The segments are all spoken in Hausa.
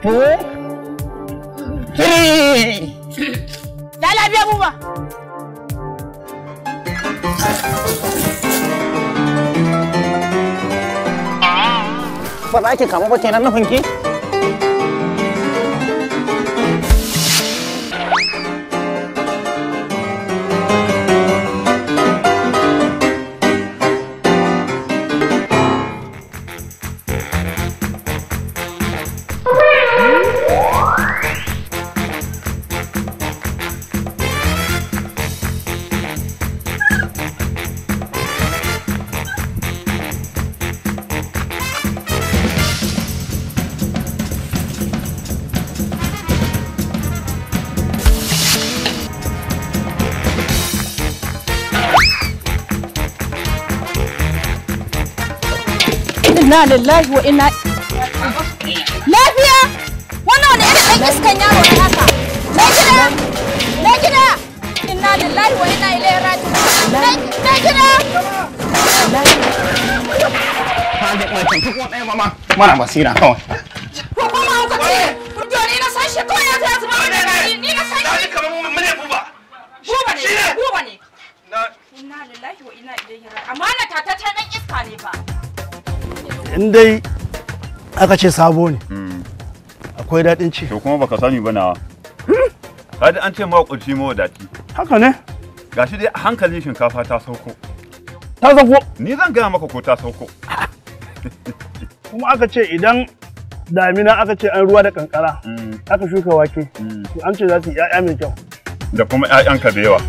Four. Three. Da buba. Ba kamu ba kenan nufin ki? Inna lillahi wa ina Lafiya! Wannan wani irin ɗan iskan yaro ne haka? Na gida! Na gida! wa ina ilaihi raji'un. Na gida! Mana basira kawai. Ko kuma ce, san shi zama wani na san lillahi wa ilaihi ta ta ta iska ne ba. in dai aka ce sabo ne hmm. akwai daɗin ci to kuma baka sani ba nawa hmm? kaji an ce ma kurci ma wadati haka ne gashi dai hankalin shinkafa ta sauko ta sauko ni zan gaya maka ko ta sauko kuma aka ce idan damina aka ce an ruwa da kankara hmm. aka shuka wake an ce za su yi 'ya'ya mai kyau da kuma 'ya'yanka da yawa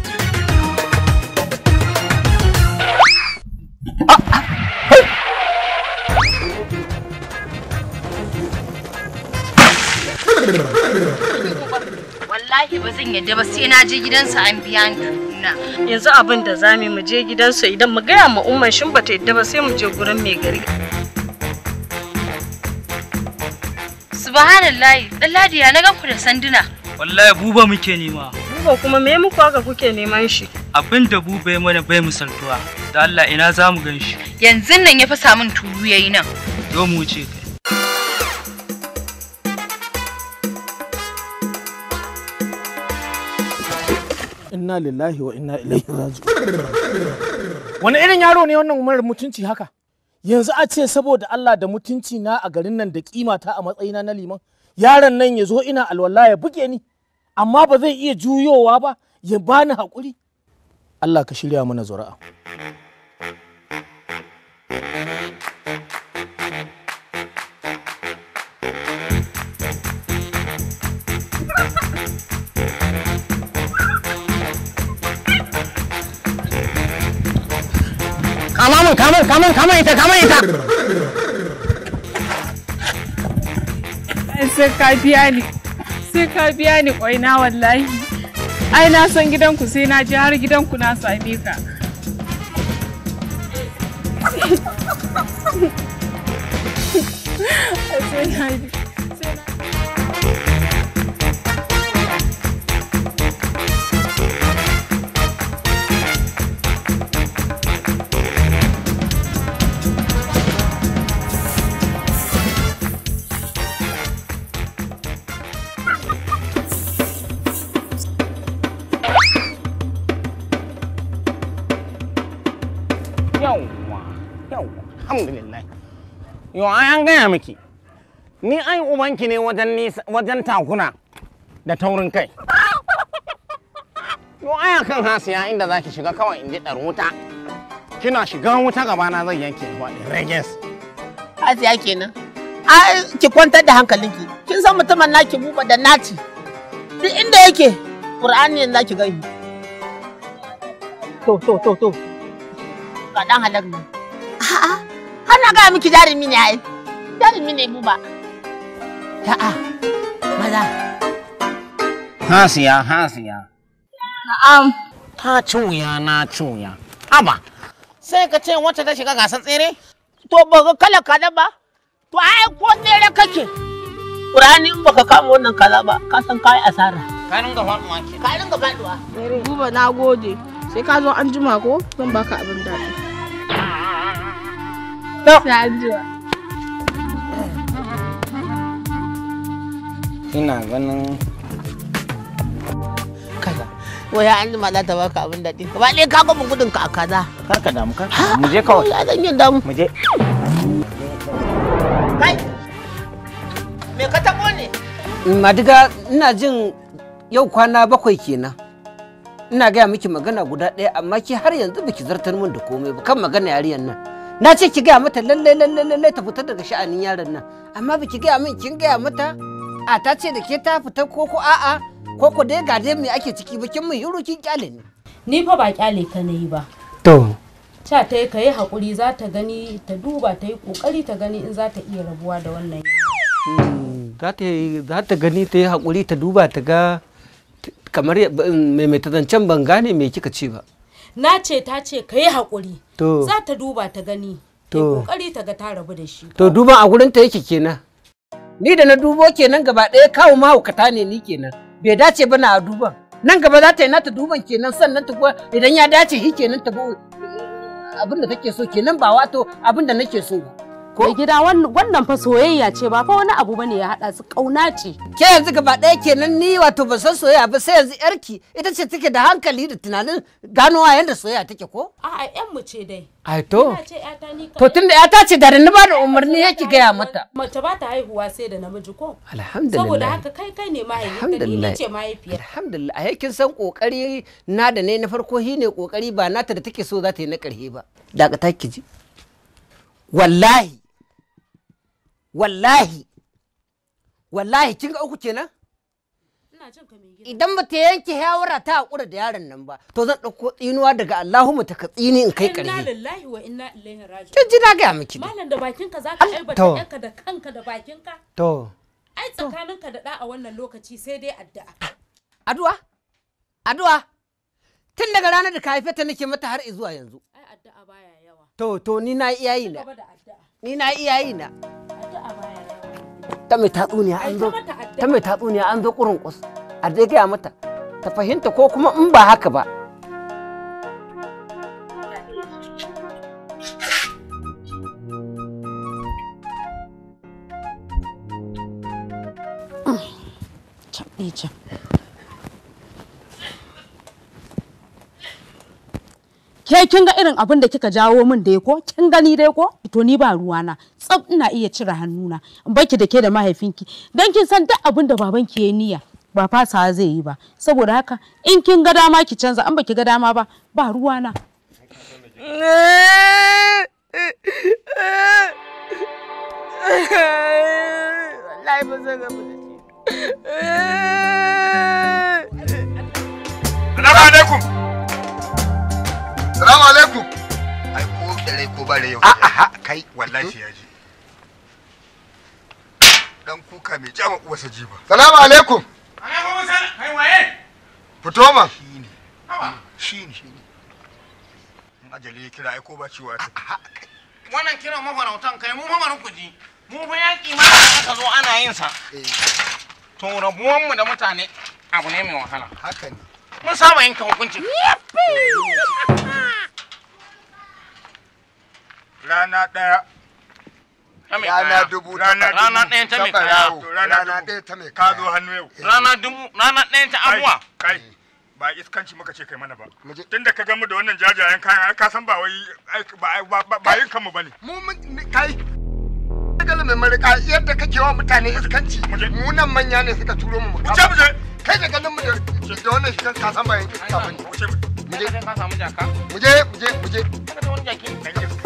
zan yadda ba sai na je gidansa an biya ni na. Yanzu abin da za mu je gidansa idan mu gaya ma umman shin bata yadda ba sai mu je gurin mai gari. Subhanallahi, dan ladiya na ganku da sanduna. Wallahi buba muke nema. Buba kuma me muku haka kuke neman shi? Abin da buba ya mana bai musaltuwa Da Allah ina zamu ganshi. gan Yanzu nan ya fasa min tulu yayi nan. Zo mu wuce ka. inna lillahi wa inna ilaihi wani irin yaro ne wannan umar mutunci haka yanzu a ce saboda Allah da mutunci na a garin nan da kima ta a matsayina na liman yaron nan ya zo ina alwala ya buge ni amma ba zai iya juyowa ba ya bani haƙuri Allah ka shirya mana zuri'a kama mun kama kama kama ita kama ita sai ka biya ni sai ka biya ni kwaina wallahi ai na san gidanku sai na je har gidanku na same ka sai na gaya miki ni ai ubanki ne wajen takuna da taurin kai ko aya kan hasiya inda zaki shiga kawai in ji ɗar wuta kina shiga wuta gabana zai yanke wani reges hasiya kenan ai ki kwantar da hankalinki kin san mutumin naki buba da naci duk inda yake qur'ani yanzu zaki gani to to to to ga dan halak nan a'a har na ga miki jarumi ne ai dalmi ne buba. Ya'a, maza. ha Hasiya, hasiya. Na'am. Ta ci wuya na ci wuya. Haba, sai ka ce wacce ta shiga gasar tsere? To ba ga kala kada ba? To ai ko tsere kake? Ƙurani in ka kama wannan kaza ba, ka san ka yi asara. Ka ringa faɗuwa ke. Ka ringa faɗuwa. Buba na gode. Sai ka zo an jima ko zan baka abin daɗi. Sai an jima. ina ganin kaza waya an jima za ta baka abin daɗi ba ɗaya ka goma gudun ka a kaza kar ka damu kar mu je kawai ya zan yi damu mu je kai me ka taɓo ne madiga ina jin yau kwana bakwai kenan ina gaya miki magana guda ɗaya amma ki har yanzu biki zartar min da komai ba kan magana yariyan nan na ce ki gaya mata lallai lallai lallai ta fita daga sha'anin yaron nan amma biki gaya min kin gaya mata a ta ce da ke ta fita ko ko a'a ko ko dai ga dai me ake ciki bikin mu yuru kin kyale ne ni fa ba kyale ka nayi ba to ta ta yi ka yi hakuri za ta gani ta duba ta yi kokari ta gani in za ta iya rabuwa da wannan hmm, za ta gani ta yi hakuri ta duba ta ga kamar mai zancen ban gane me kika ce ba na ce ta ce ka yi hakuri za ta duba ta gani to kokari ta ga ta rabu da shi to duba a gurin ta yake kenan ni da na dubo kenan gaba ɗaya kawo mahaukata ne ni kenan bai dace ba na a duban nan gaba za ta yi nata duban kenan sannan ta kuwa idan ya dace shi kenan ta abin da take so kenan ba wato abin da nake so ba ko gida wannan fa soyayya ce ba fa wani abu bane ya hada su kauna ce ke yanzu gaba ɗaya kenan ni wato ba san soyayya ba sai yanzu yarki ita ce take da hankali da tunanin ganowa yanda soyayya take ko a yan mu ce dai ai to to tunda ya ta ce da ni ba da umarni yake gaya mata mace ba ta haihuwa sai da namiji ko alhamdulillah saboda haka kai kai ne mahaifiyar. ni ce mahaifiya alhamdulillah a yakin san kokari na da ne na farko hi ne kokari ba nata da take so za ta yi na karhe ba daga ki ji wallahi wallahi wallahi kin ga uku kenan idan bata yanke yawara ta hakura da yaron nan ba to zan ɗauko tsinuwa daga Allahumma ta tsini in kai ƙarfi inna lillahi wa inna ilaihi raji'un kin ji na ga miki da bakinka zaka aibata da da bakinka to da a wannan daga ranar da ka haife ta nake mata har zuwa yanzu ai addu'a baya yawa to to ni na iyayi ni na iyayi ta mai tatsuniya an zo ta mai tatsuniya an zo kurun kus a dai gaya mata ta fahimta ko kuma in ba haka ba ke kin ga irin abin da kika jawo min da ko kin gani dai ko to ni ba ruwa na. tsab ina iya cire hannuna in baki da ke da mahaifinki dan kin san duk abin da babanki ya niyya ba fasawa zai yi ba saboda haka in kin ga dama ki canza an baki ga dama ba ba ruwana wallahi ba zan gaba Assalamu alaikum Salamu alaikum. Ai ko da rai ko bare yau. ah kai wallahi hmm? ya ji. Dan kuka mai jama uwarsa jiba. Salamu alaikum. Alaikum salam. Kai waye? Fito man. Shine. Shine. Shine. Ajali ya kira ai ko ba ciwa ta. Wannan kiran mafarautan kai mu mamarin ku ji. Mu fa yaki ma aka zo ana yin sa. Eh. To rabuwan mu da mutane abu ne mai wahala. Haka ne. Mun saba yanka hukunci. Yep. rana ɗaya rana dubu rana ɗaya ta mai kaya rana ɗaya ta mai ka hannu yau rana dubu rana ɗaya ta abuwa kai ba iskanci muka ce kai mana ba tunda ka gamu da wannan jajayen kayan ka san ba wai ba yin kanmu bane mu kai kala mai marika yadda kake wa mutane iskanci mu nan manya ne suka turo mu kai da ganin mu da wannan shigan ka san ba yin iska bane mu je mu je mu je mu je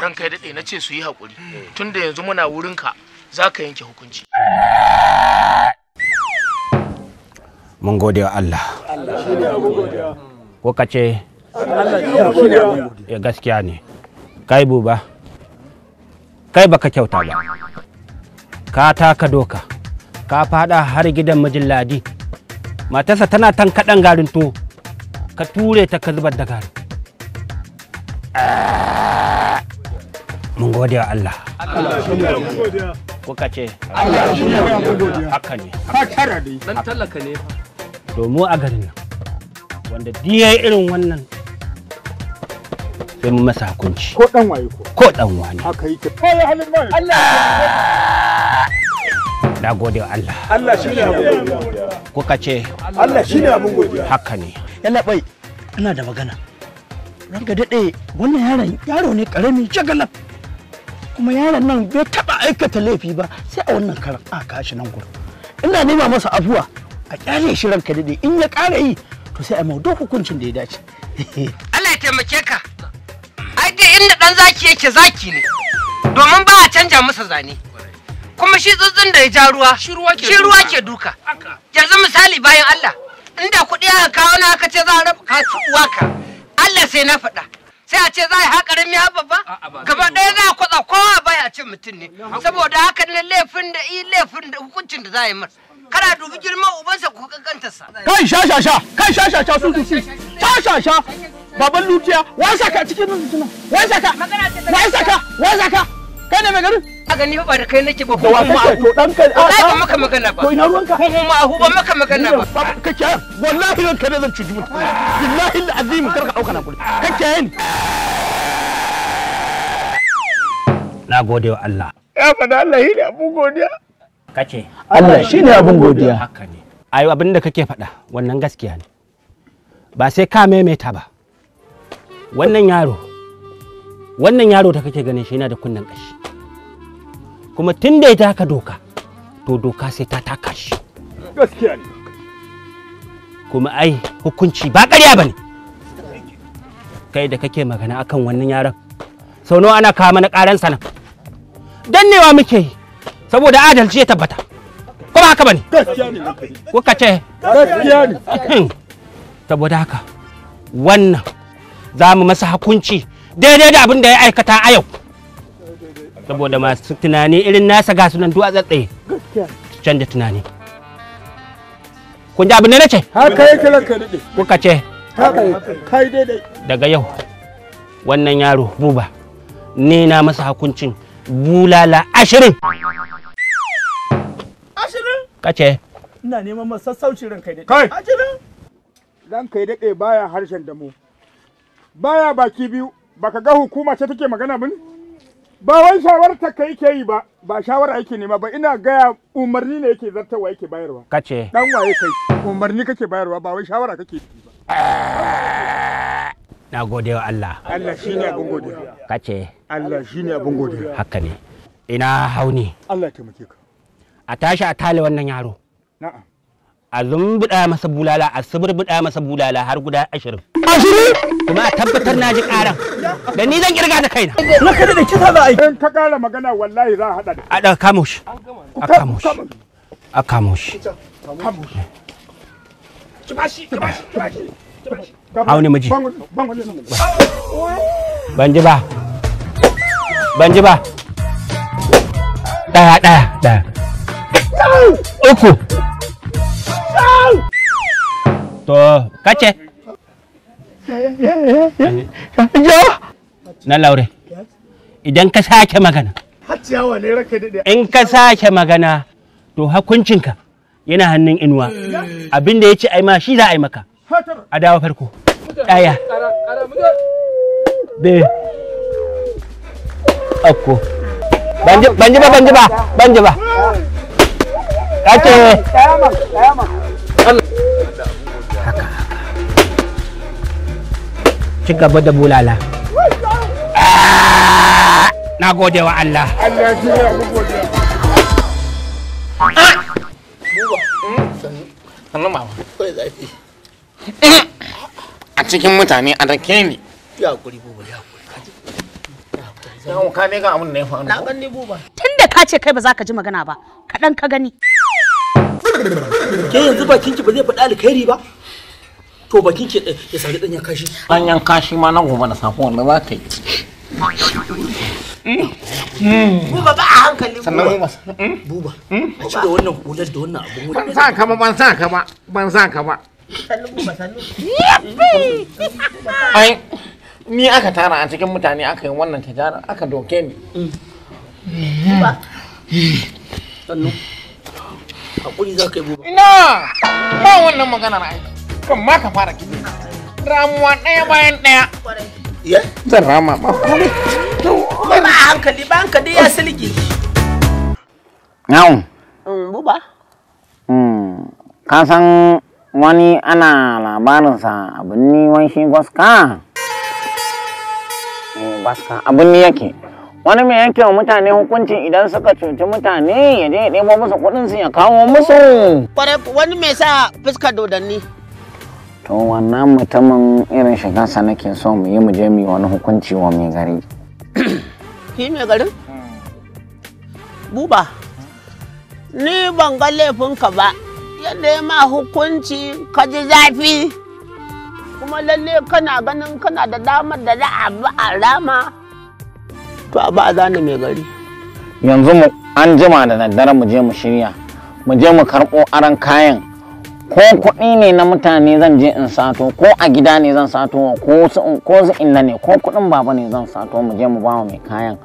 ranka ya daɗe na ce su yi haƙuri tunda yanzu muna wurinka za ka yanke hukunci mun gode wa Allah ko ka ce ya eh, gaskiya ne kai buba kai baka kyauta ba ka taka doka ka fada har gidan mijin ladi matarsa tana tankaɗan garin to ka ture ta ka zubar da garin mun gode wa Allah kuka ce Allah shi ne haka ne haka ne dan tallaka ne domin a garin nan wanda diya irin wannan sai mu masa hukunci ko dan waye ko ko dan wani haka yake ko ya halin mai Allah na gode wa Allah Allah shi ne abun godiya kuka ce Allah shi ne abun godiya haka ne yalla bai ina da magana ranka daɗe wannan yaron yaro ne ƙarami shagalaf kuma yaron nan bai taba aikata laifi ba sai a wannan karan a kashi nan gurin ina nema masa afuwa a kyale shi ranka dade in ya ƙara yi to sai a mau duk hukuncin da ya dace Allah ya taimake ka ai dai inda dan zaki yake zaki ne domin ba a canja masa zane kuma shi tsuntsun da ya ja ruwa shi ruwa ke duka yanzu misali bayan Allah inda kuɗi aka kawo na aka ce za a raba ka Allah sai na faɗa sai a ce za a yi haƙarin ya babba gaba ɗaya za a kwatsa kowa baya ce mutum ne saboda haka ne laifin da i laifin da hukuncin da za a yi masa kana dubi girman ubansa ko sa kai sha sha sha kai sha sha sha su su sha sha sha baban lutiya wai saka cikin nan wai saka wai saka wai saka kai ne mai garin kaga ni ba da kai nake ba kuma to dan a ba maka magana ba to ina ruwanka maka magana ba wallahi ne zan cuji mutum billahi alazim kar ka dauka na kudi kake na gode wa Allah ya fada Allah ne abun godiya kace Allah shi ne abun godiya haka ne ai abin da kake faɗa wannan gaskiya ne ba sai ka maimaita ba wannan yaro wannan yaro da kake ganin shi yana da kunnen ƙashi kuma tun da ya taka doka to doka sai ta taka shi gaskiya ne kuma ai hukunci ba ƙarya ba ne kai da kake magana akan wannan yaron sau nawa ana kawo mana ƙaran sana dannewa muke yi saboda adalci ya tabbata kuma haka ba ne kuka ce gaskiya ne saboda haka wannan zamu mu masa hukunci daidai da abin da ya aikata a yau saboda masu tunani irin nasa ga sunan duwa tsatsaye canja tunani kun ji abin da nace haka yake ranka dade kuka ce haka kai daidai daga yau wannan yaro buba ne na masa hakuncin bulala ashirin ashirin kace ina neman masa sassauci ranka dade kai ashirin kai dade baya harshen da mu baya baki biyu baka ga hukuma ce take magana bane ba wai ta ka ke yi ba ba shawara yake nema ba ina gaya umarni ne yake zartarwa yake bayarwa kace dan waye kai umarni kake bayarwa ba wai shawara kake yi ba na gode wa Allah Allah shine abin gode kace Allah shine abin gode haka ne ina hauni Allah ya taimake ka a tashi a tale wannan yaro na'am a zumbuɗa masa bulala a suburbuɗa masa bulala har guda ashirin. Ashirin? Kuma a tabbatar na ji ƙaran. Da ni zan kirga da kaina. Na kada da kisa za a yi. In ka ƙara magana wallahi za a haɗa da. A ɗan kamo shi. A kamo shi. A kamo shi. Kamo shi. Auni miji. Ban ji ba. Ban ji ba. Ɗaya, ɗaya, ɗaya. Uku. Na laure. Idan ka sake magana. ne raka In ka sake magana to hakuncinka yana hannun inuwa. Abin da ya ce ai ma shi za a yi maka. A dawo farko. Ɗaya. Be. Akko. Banji ba banji ba banji ba. Kace. Haka. ci gaba da bulala na gode wa Allah ah! a cikin mutane a rake ne ga tunda ka ce kai ba za ka ji magana ba kaɗan ka gani ke yanzu bakinki ba zai faɗi alkhairi ba to bakin ki eh, ya sami danyen kashi danyen kashi ma na gobe na safin wanda za ka yi hmm. buba ba a hankali sannan yi masa buba hmm? Hmm? a ci da wannan hular da wannan abu ban sa ka ba ban sa ka ban sa ka ba ai ni aka tara a cikin mutane aka yi wannan tajara aka doke ni sannu hakuri za ka yi buba ina ba wannan maganar aiki kan ma ka fara kiɗi ramuwa ɗaya bayan ɗaya zan rama ma kome ba hankali ba hankali ya silgi na'un mm, buba hmm, ka san wani ana labarinsa abin ni wanshi gwaska baska eh, abin ni yake wani mai yanke wa mutane hukunci idan suka cuci mutane ya je ya ɗebo musu kuɗin su ya kawo musu wani mai sa fuskar dodanni to wannan mutumin irin shigansa nake so mu yi mu je mu wani hukunci wa mai gari ki mai garin buba ni ban ga laifinka ba yadda ya ma hukunci ka ji zafi kuma lalle kana ganin kana da damar da za a ba a rama to a ba za ni mai gari yanzu mu an jima da daddare mu je mu shirya mu je mu karɓo aran kayan ko kuɗi ne na mutane zan je in sato ko a gida ne zan sato ko su inna ne ko kuɗin baba ne zan sato mu je mu ba mai kayan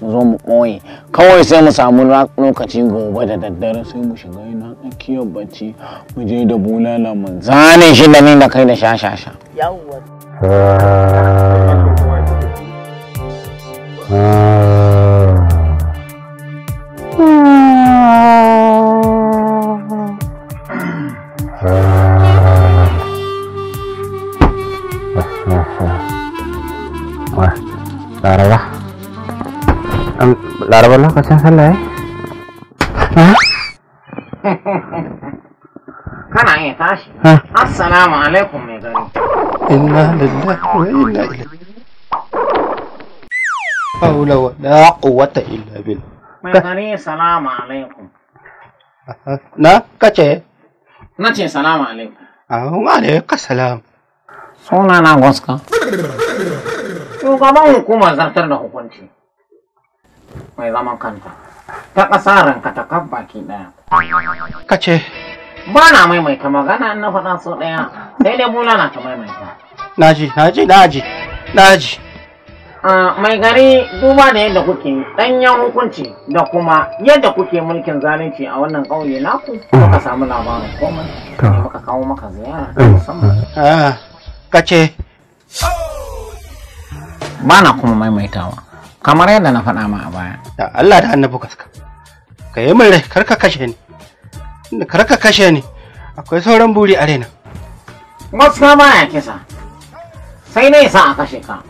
mu zo mu ɓoye kawai sai mu samu lokaci gobe da daddare sai mu shiga ina tsakiyar bacci mu je da bulala mu zane shi da ni da kai da shashasha. yawwa laraba laraba lokacin sallah ya tashi assalamu alaikum mai gari wa inna ilaihi haula wa la quwwata illa billah mai gari salamu na kace na ce salamu alaikum ahun alaika salam na goska Shugaban hukumar zartar da hukunci mai zaman kanta ta kasaran ka ta baki ɗaya. Kace. Ba na maimaita magana na faɗa so ɗaya sai dai bula na ta maimaita. Naji, naji, naji, naji. mai gari duba da yadda kuke ɗanyen hukunci da kuma yadda kuke mulkin zalunci a wannan ƙauye naku muka samu labarin komai ne muka kawo maka ziyara mm. musamman. Ah, kace. Oh! ba na kuma maimaitawa kamar yadda na faɗa ma a baya da Allah da annabi kaska ka yi min rai kar ka kashe ni inda kar ka kashe ni akwai sauran buri a raina gaskiya ma ya kisa sai ne sa a kashe ka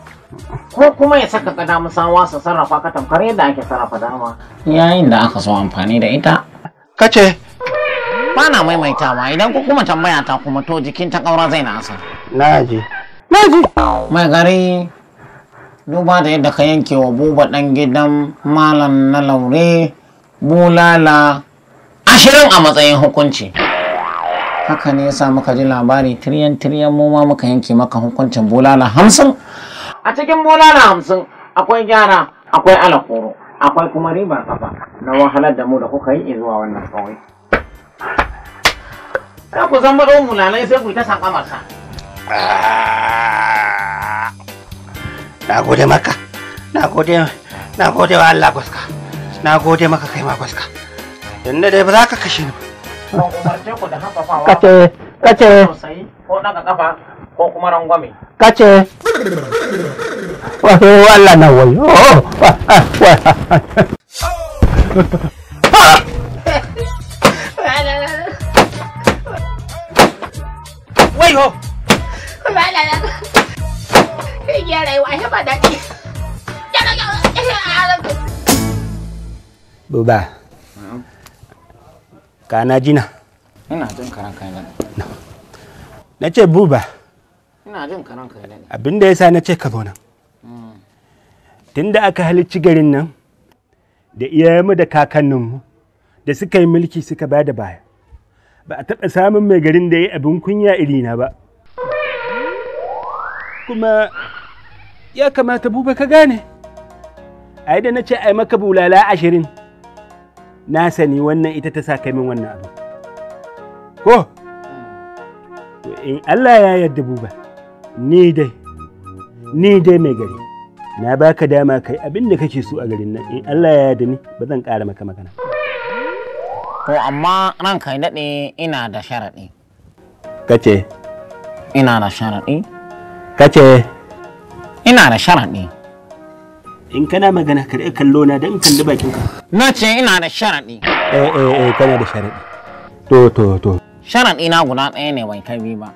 ko kuma ya saka kadamu sawa su sarrafa ka tamkar yadda ake sarrafa dama yayin da aka so amfani da ita kace ba na maimaitawa idan ku kuma tambaya ta kuma to jikin ta kaura zai na asa na ji na ji mai gari duba da yadda ka yanke wa buba ɗan gidan malam na laure bulala ashirin a matsayin hukunci haka ne yasa muka ji labari tiryan tiryan mu ma muka yanke maka hukuncin bulala hamsin a cikin bulala hamsin akwai gyara akwai alakoro akwai kuma ribar kafa na wahalar da mu da kuka yi zuwa wannan kawai za ku zama ɗan mulalai sai ku yi ta sakamar ah. na gode maka na gode na gode wa Allah gwaska na gode maka kai ma gwaska inda dai ba za ka kashe ni ba kace kace ko daga kafa ko kuma rangwame kace wato Allah na Wait, oh, oh, oh, Wait, Kai Buba. Kana jina. Ina jin karan kai Na ce buba. Ina jin karan kai Abin da yasa na ce ka zo nan. Hmm. Tun da aka halicci garin nan da iyayenmu da kakanninmu da suka yi mulki suka bada baya. Ba a taɓa samun mai garin da ya yi abin kunya irina ba. kuma ya kamata buba ka gane A da na ce yi maka bulala ashirin na sani wannan ita ta sa min wannan abu ko to in Allah ya yarda buba ni dai ni dai mai gari na baka dama kai abin da kake so a garin nan in Allah ya yarda ni ba zan ƙara maka magana ko amma ranka kai daɗe ina da sharaɗi kace ina da sharaɗi kace ina da sharaɗi in kana magana ka riƙa kallo na don kalli bakin ka na ce ina da sharaɗi eh eh eh kana da sharaɗi to to to sharaɗi na guda ɗaya ne bai kai ba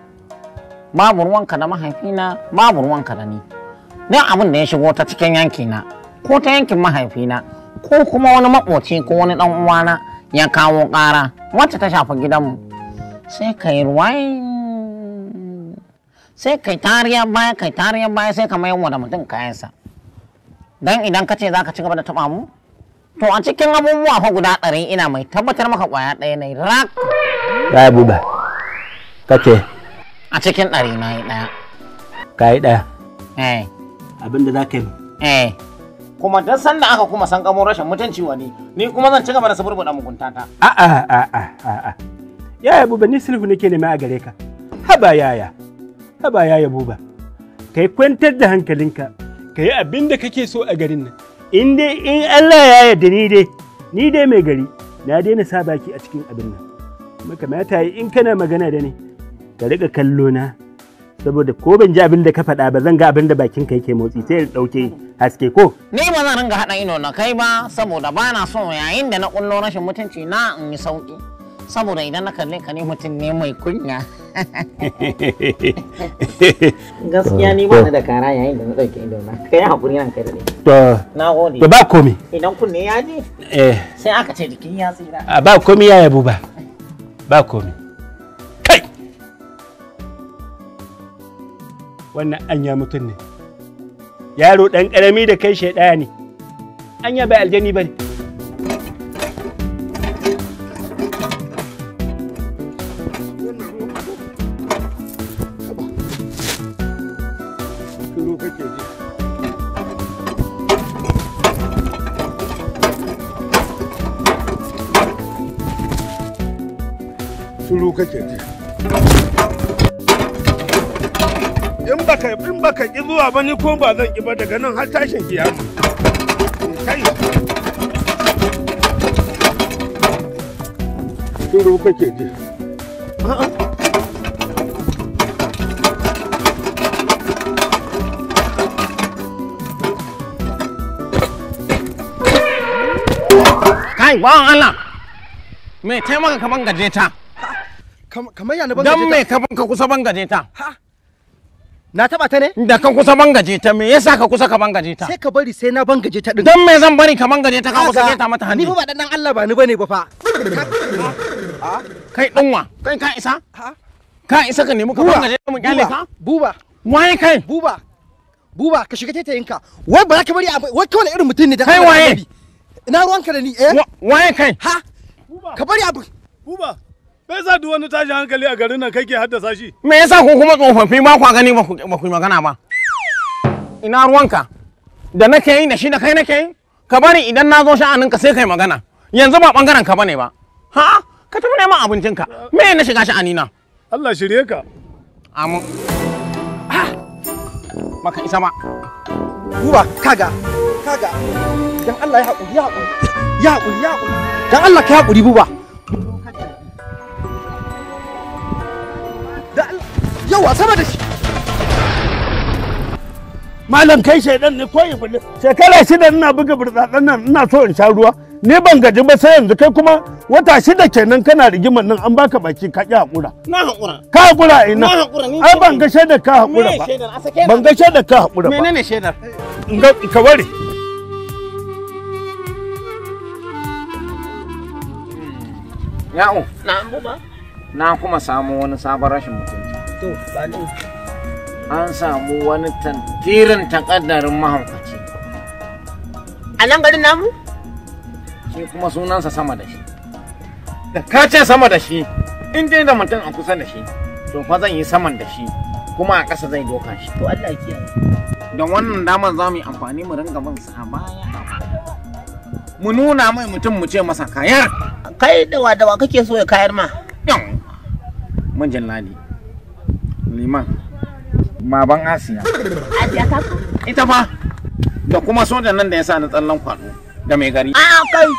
babu ruwanka da mahaifina babu ruwanka da ni don abin da ya shigo ta cikin yankina ko ta yankin mahaifina ko kuma wani maƙoci ko wani ɗan uwana ya kawo ƙara wacce ta shafi gidanmu sai ka yi sai kai tariya baya kai tariya baya sai ka mayan da mutum kayansa don idan ka ce za ka ci gaba da taba mu to a cikin abubuwa fa guda ɗari ina mai tabbatar maka ƙwaya ɗaya na rak ya yi buba ka ce a cikin ɗari na yi ɗaya ka yi ɗaya eh abin da za ka yi eh kuma dan sanda aka kuma san gamo rashin mutunci wani ni kuma zan ci gaba da da mugunta ta a a a a a ya yi buba ni sulhu nake nema a gare ka haba yaya ba ya yabo ba kai kwantar da hankalinka ka yi abin da kake so a garin nan in dai in Allah ya yarda ni dai ni dai mai gari na daina sa baki a cikin abin nan Kuma kamata yi in kana magana da ni ka riƙa kallo na saboda ko ban ji abin da ka faɗa ba zan ga abin da bakin ka yake motsi sai ɗauke haske ko ni ba zan ringa haɗa ino na kai ba saboda ba na so yayin da na ƙullo rashin mutunci na in yi sauƙi saboda idan na kalle ka ne mutum ne mai kunya gaskiya ni bani da kara yayin da na dauke ido na kai hakuri nan kai da ni to na gode to ba komi idan kunne ya ji eh sai aka ce jikin ya tsira ba komi ya yabo ba ba komi kai wannan anya mutum ne yaro dan karami da kai shaiɗaya ne anya bai aljani bane kake ji in baka in baka ki zuwa ba ni ko ba zan yi ba daga nan har tashin kiyama kai shiru kake ji kai bawan Allah me tai maka kaman gaje ta kamar ya na bangaje ta dan me kaman ka kusa bangaje ta na taba ta ne da ka kusa bangaje ta me yasa ka kusa ka bangaje ta sai ka bari sai na bangaje ta din dan me zan bari ka bangaje ta ka kusa ta mata hannu ni fa ba dan Allah ba ni bane ba fa kai dinwa kai ka isa ka isa ka nemi ka bangaje mu kyale ka buba waye kai buba buba ka shiga taitayinka wai ba za ka bari wai kawai irin mutum ne da kai waye ina ruwanka da ni eh waye kai ha ka bari abu buba me yasa duk wani tashin hankali a garin nan kake haddasa shi me yasa ku kuma tsofaffi ba ku gani ba ku magana ba ina ruwanka da nake yi da shi da kai nake yi ka bari idan na zo ka sai kai magana yanzu ba bangaren ka bane ba ha ka tafi neman abincinka me na shiga sha'ani na Allah shirye ka amin maka isa ba buba kaga kaga dan Allah ya haƙuri ya haƙuri ya haƙuri ya haƙuri dan Allah ka haƙuri buba yawa sama da shi malam kai shaidan ne ko iblis shekara shida ina buga burtsatsen nan ina so in sha ruwa ni ban gaji ba sai yanzu kai kuma wata shida kenan kana rigimar nan an baka baki ka ki hakura na hakura ka hakura ina na hakura ni ai ban ga shaidar ka hakura ba ban ga shaidar ka hakura ba menene shaidar ka ware Ya'u. Na'am ba? Na kuma samu wani sabon rashin mutunci. To, ba ni. An samu wani tantirin takaddarin mahaukaci. A nan garin namu? Shi kuma sunansa sama da shi. Da ka ce sama da shi, in dai da mutum a kusa da shi, to fa zan yi saman da shi, kuma a ƙasa zai doka shi. To Allah kiyaye. Da wannan damar za mu yi amfani mu ringa bin sa baya mu nuna mai mutum mu ce masa kayar kai dawa dawa kake so ya kayar ma mun jin lali liman maban asiya asiya ta ita fa da kuma sojan nan da ya sa na tsallan kwado da mai gari a kai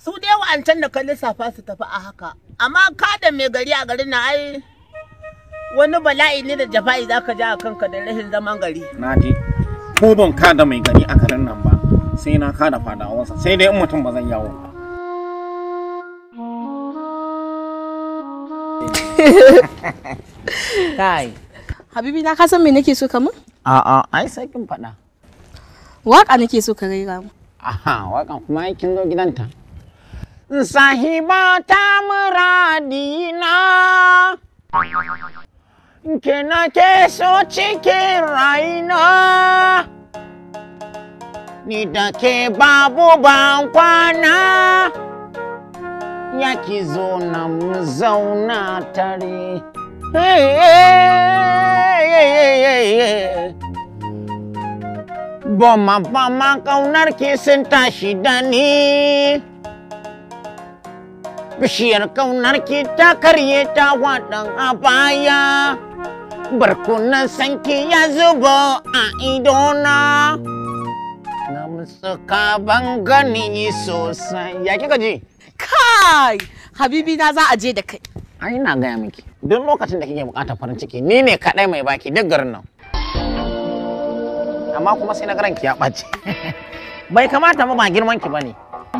su da an can da ka lissafa su tafi a haka amma ka da mai gari a garin na ai wani bala'i ne da jafa'i za ka ja a kanka da rashin zaman gari na ji ko ban ka da mai gari a garin nan ba sai na kada fadawansa sai dai in mutum ba zan yawo ba Kai. Habibi na ka san me nake so ka mun? A'a, ai sai kin faɗa. Waka nake so ka raira mu. Aha, waka kuma ai kin zo gidanta. Sahiba ta muradina. Ke na ke so cikin raina. ni da ke babu ban kwana ya ki zo na mu zauna tare Boma bama ƙaunar ki sun tashi da ni Bishiyar ƙaunar ki ta karye ta waɗan a baya Barkunan sanki ya zubo a idona. suka ban gani sosai ya kika ji kai habibi na za a je da kai ai na gaya miki duk lokacin da kike bukatar farin ciki ni ne kadai mai baki duk garin nan amma kuma sai na ranki ya ɓace bai kamata ba ba girman ki bane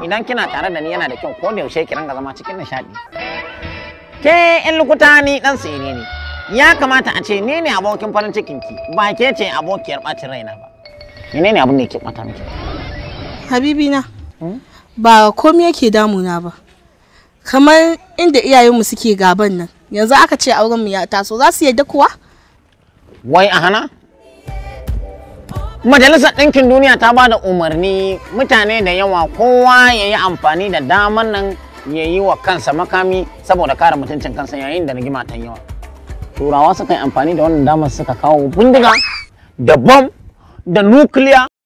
idan kina tare da ni yana da kyau ko da yaushe ki ranga zama cikin nishadi ke in lukuta ni dan sirri ne ya kamata a ce ni ne abokin farin cikin ki ba ke ce abokiyar bacin raina ba menene abin da yake bata miki habibi na hmm? ba komai yake damuna ba kamar inda iyayenmu suke gaban nan yanzu aka ce auren mu ya taso za su yadda kuwa wai a hana majalisar ɗinkin duniya ta ba da umarni mutane da yawa kowa ya yi amfani da daman nan ya yi wa kansa makami saboda kare mutuncin kansa yayin da rigima ta yawa turawa suka yi amfani da wannan damar suka kawo bindiga da bomb the nuclear